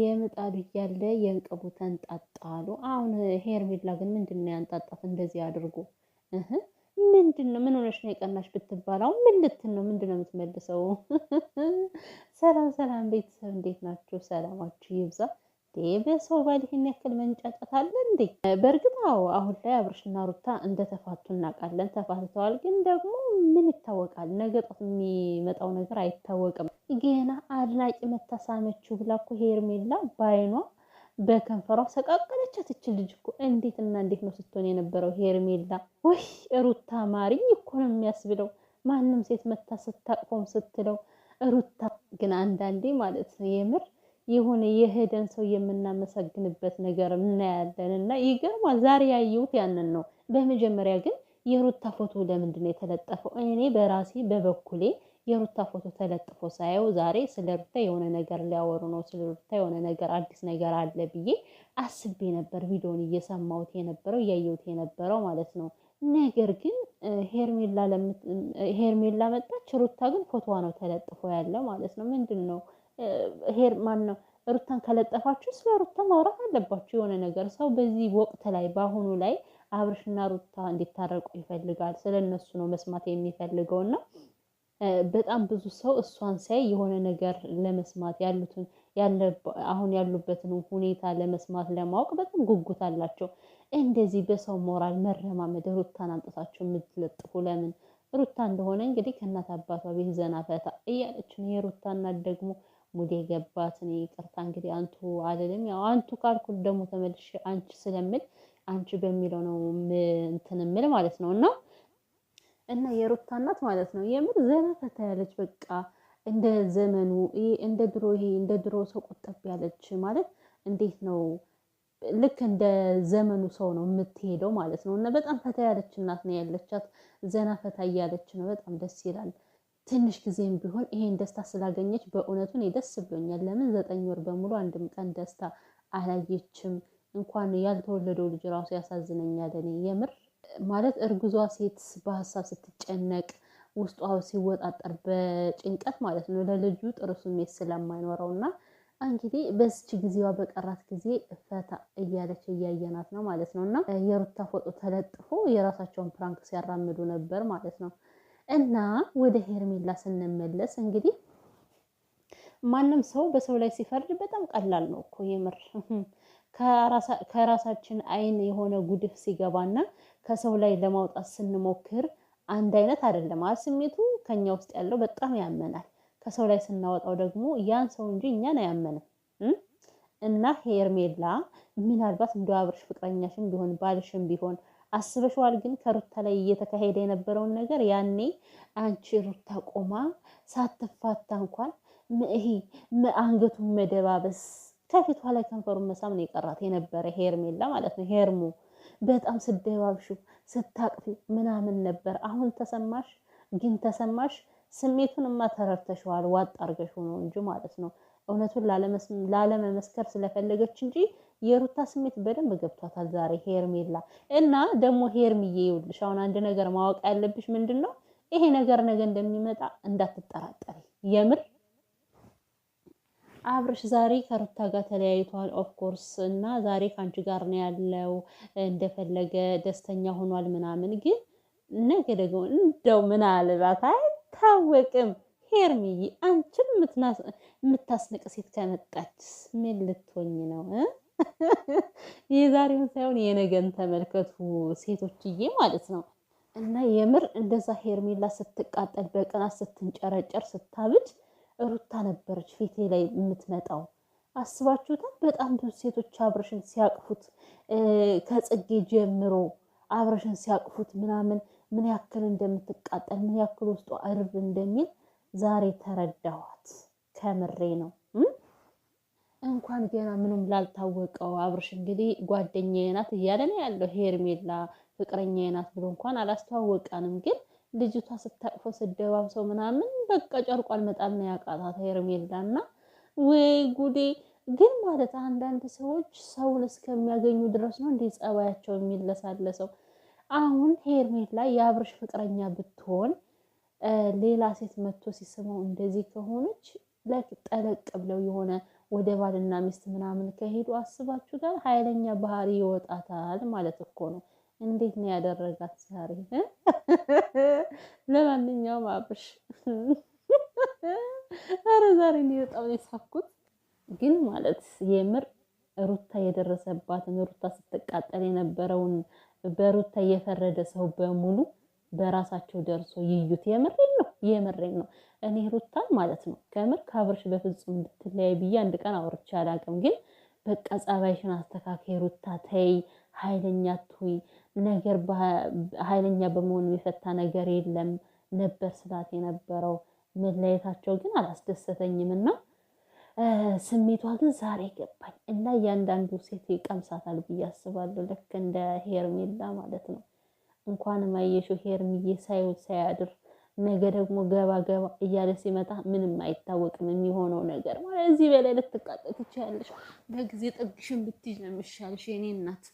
የምጣዱ እያለ የእንቅቡ ተንጣጣሉ። አሁን ሄርሜላ ግን ምንድን ነው ያንጣጣት? እንደዚህ አድርጎ ምንድን ነው ምን ሆነሽ ነው የቀናሽ ብትባላው ምን ልትን ነው? ምንድን ነው የምትመልሰው? ሰላም ሰላም ቤተሰብ እንዴት ናችሁ? ሰላማችሁ ይብዛ። በሰው ባል ይሄን ያክል መንጫጫት አለ እንዴ? በእርግጥ አዎ፣ አሁን ላይ አብርሽና ሩታ እንደተፋቱ እናውቃለን። ተፋትተዋል። ግን ደግሞ ምን ይታወቃል? ነገ ጧት የሚመጣው ነገር አይታወቅም። ገና አድናቂ መታሳመችው ብላ እኮ ሄርሜላ ባይኗ በከንፈሯ ሰቃቀለቻት። እች ልጅ እኮ እንዴት እና እንዴት ነው ስትሆን የነበረው ሄርሜላ። ወይ ሩታ ማሪኝ እኮ ነው የሚያስብለው ማንም ሴት መታ ስታቅፎም ስትለው ሩታ ግን አንዳንዴ ማለት ነው የምር የሆነ የሄደን ሰው የምናመሰግንበት ነገር እናያለን እና ይገርማል። ዛሬ ያየሁት ያንን ነው። በመጀመሪያ ግን የሩታ ፎቶ ለምንድን ነው የተለጠፈው? እኔ በራሴ በበኩሌ የሩታ ፎቶ ተለጥፎ ሳየው ዛሬ ስለ ሩታ የሆነ ነገር ሊያወሩ ነው፣ ስለ ሩታ የሆነ ነገር አዲስ ነገር አለ ብዬ አስቤ ነበር። ቪዲዮን እየሰማሁት የነበረው እያየሁት የነበረው ማለት ነው። ነገር ግን ሄርሜላ መጣች፣ ሩታ ግን ፎቶዋ ነው ተለጥፎ ያለው ማለት ነው። ምንድን ነው ሄር ማን ነው ሩታን ከለጠፋችሁ ስለ ሩታ ማውራት አለባችሁ። የሆነ ነገር ሰው በዚህ ወቅት ላይ በአሁኑ ላይ አብርሽና ሩታ እንዲታረቁ ይፈልጋል። ስለ እነሱ ነው መስማት የሚፈልገው እና በጣም ብዙ ሰው እሷን ሳይ የሆነ ነገር ለመስማት ያሉትን አሁን ያሉበትን ሁኔታ ለመስማት ለማወቅ በጣም ጉጉት አላቸው። እንደዚህ በሰው ሞራል መረማመድ ሩታን አምጥታቸው የምትለጥፉ ለምን? ሩታ እንደሆነ እንግዲህ ከእናት አባቷ ቤት ዘና ፈታ እያለች ነው የሩታ እናት ደግሞ ሙዴ ገባት። እኔ ቅርታ እንግዲህ አንቱ አልልም። ያው አንቱ ካልኩ ደግሞ ተመልሼ አንቺ ስለምል አንቺ በሚለው ነው እንትን እምል ማለት ነው። እና እና የሩታ እናት ማለት ነው የምር ዘና ፈታ ያለች በቃ እንደ ዘመኑ እንደ ድሮ ይሄ እንደ ድሮ ሰው ቆጠብ ያለች ማለት እንዴት ነው ልክ እንደ ዘመኑ ሰው ነው የምትሄደው ማለት ነው። እና በጣም ፈታ ያለች እናት ነው ያለቻት። ዘና ፈታ እያለች ነው። በጣም ደስ ይላል። ትንሽ ጊዜም ቢሆን ይሄን ደስታ ስላገኘች በእውነቱ እኔ ደስ ብሎኛል። ለምን ዘጠኝ ወር በሙሉ አንድም ቀን ደስታ አላየችም። እንኳን ያልተወለደው ልጅ ራሱ ያሳዝነኛል። እኔ የምር ማለት እርጉዟ ሴት በሀሳብ ስትጨነቅ ውስጧ ሲወጣጠር በጭንቀት ማለት ነው ለልጁ ጥሩ ስሜት ስለማይኖረው እና እንግዲህ በዚች ጊዜዋ በቀራት ጊዜ ፈታ እያለች እያየናት ነው ማለት ነው እና የሩታ ፎጦ ተለጥፎ የራሳቸውን ፕራንክ ሲያራምዱ ነበር ማለት ነው። እና ወደ ሄርሜላ ስንመለስ እንግዲህ ማንም ሰው በሰው ላይ ሲፈርድ በጣም ቀላል ነው እኮ የምር ከራሳችን አይን የሆነ ጉድፍ ሲገባና ከሰው ላይ ለማውጣት ስንሞክር አንድ አይነት አይደለም። ስሜቱ ከኛ ውስጥ ያለው በጣም ያመናል። ከሰው ላይ ስናወጣው ደግሞ ያን ሰው እንጂ እኛን አያመንም። እና ሄርሜላ ምናልባት እንደ አብርሽ ፍቅረኛሽም ቢሆን ባልሽም ቢሆን አስበሽዋል ግን ከሩታ ላይ እየተካሄደ የነበረውን ነገር ያኔ አንቺ ሩታ ቆማ ሳትፋታ እንኳን ይሄ አንገቱን መደባበስ ከፊቷ ላይ ከንፈሩን መሳም ነው የቀራት የነበረ ሄርሜላ ማለት ነው። ሄርሙ በጣም ስደባብሹ ስታቅፊ ምናምን ነበር። አሁን ተሰማሽ ግን ተሰማሽ ስሜቱንማ ተረድተሽዋል። ዋጥ አርገሽ ሆኖ እንጂ ማለት ነው። እውነቱን ላለመመስከር ስለፈለገች እንጂ የሩታ ስሜት በደንብ ገብቷታል። ዛሬ ሄርሜላ እና ደግሞ ሄርሚዬ ይኸውልሽ፣ አሁን አንድ ነገር ማወቅ ያለብሽ ምንድን ነው፣ ይሄ ነገር ነገ እንደሚመጣ እንዳትጠራጠሪ። የምር አብርሽ ዛሬ ከሩታ ጋር ተለያይቷል፣ ኦፍኮርስ እና ዛሬ ከአንቺ ጋር ነው ያለው፣ እንደፈለገ ደስተኛ ሆኗል ምናምን። ግን ነገ ደግሞ እንደው ምናልባት አይታወቅም ሄርሚዬ አንቺን የምታስንቅ ሴት ከመጣች ምን ልትሆኝ ነው? የዛሬውን ሳይሆን የነገን ተመልከቱ ሴቶችዬ ማለት ነው። እና የምር እንደዛ ሄርሜላ ስትቃጠል በቅናት ስትንጨረጨር ስታብድ ሩታ ነበረች ፊቴ ላይ የምትመጣው። አስባችሁታል? በጣም ብዙ ሴቶች አብረሽን ሲያቅፉት ከጽጌ ጀምሮ አብረሽን ሲያቅፉት ምናምን ምን ያክል እንደምትቃጠል ምን ያክል ውስጡ እርብ እንደሚል ዛሬ ተረዳኋት። ከምሬ ነው። እንኳን ገና ምንም ላልታወቀው አብርሽ እንግዲህ ጓደኛዬ ናት እያለ ነው ያለው። ሄርሜላ ፍቅረኛዬ ናት ብሎ እንኳን አላስተዋወቀንም። ግን ልጅቷ ስታቅፎ ስደባብሰው ምናምን በቃ ጨርቋን መጣል ነው ያቃታት ሄርሜላ እና ወይ ጉዴ ግን ማለት አንዳንድ ሰዎች ሰውን እስከሚያገኙ ድረስ ነው እንዲህ ጸባያቸው የሚለሳለሰው። አሁን ሄርሜላ የአብርሽ ፍቅረኛ ብትሆን ሌላ ሴት መጥቶ ሲስመው እንደዚህ ከሆነች ጠለቅ ብለው የሆነ ወደ ባልና ሚስት ምናምን ከሄዱ አስባችሁ ጋር ኃይለኛ ባህሪ ይወጣታል ማለት እኮ ነው። እንዴት ነው ያደረጋት ዛሬ? ለማንኛውም አብርሽ አረ ዛሬ ነው የወጣው የሳኩት ግን ማለት የምር ሩታ የደረሰባትን ሩታ ስትቃጠል የነበረውን በሩታ የፈረደ ሰው በሙሉ በራሳቸው ደርሶ ይዩት። የምሬን ነው፣ የምሬን ነው። እኔ ሩታን ማለት ነው ከምር ከአብርሽ በፍጹም እንድትለያይ ብዬ አንድ ቀን አውርቼ አላውቅም። ግን በቃ ጸባይሽን አስተካከይ ሩታ፣ ተይ፣ ኃይለኛ አትሁይ። ነገር ኃይለኛ በመሆኑ የፈታ ነገር የለም ነበር ስላት የነበረው መለየታቸው ግን አላስደሰተኝም እና ስሜቷ ግን ዛሬ ገባኝ እና እያንዳንዱ ሴት ይቀምሳታል ብዬ አስባለሁ። ልክ እንደ ሄርሜላ ማለት ነው። እንኳንም አየሽው ሄርምዬ ሳይውል ሳያድር ነገ ደግሞ ገባ ገባ እያለ ሲመጣ ምንም አይታወቅም የሚሆነው ነገር ማለት እዚህ በላይ ልትቃጠል ትችያለሽ። በጊዜ ጥግሽን ብትይዥ ነው የሚሻልሽ የኔ እናት።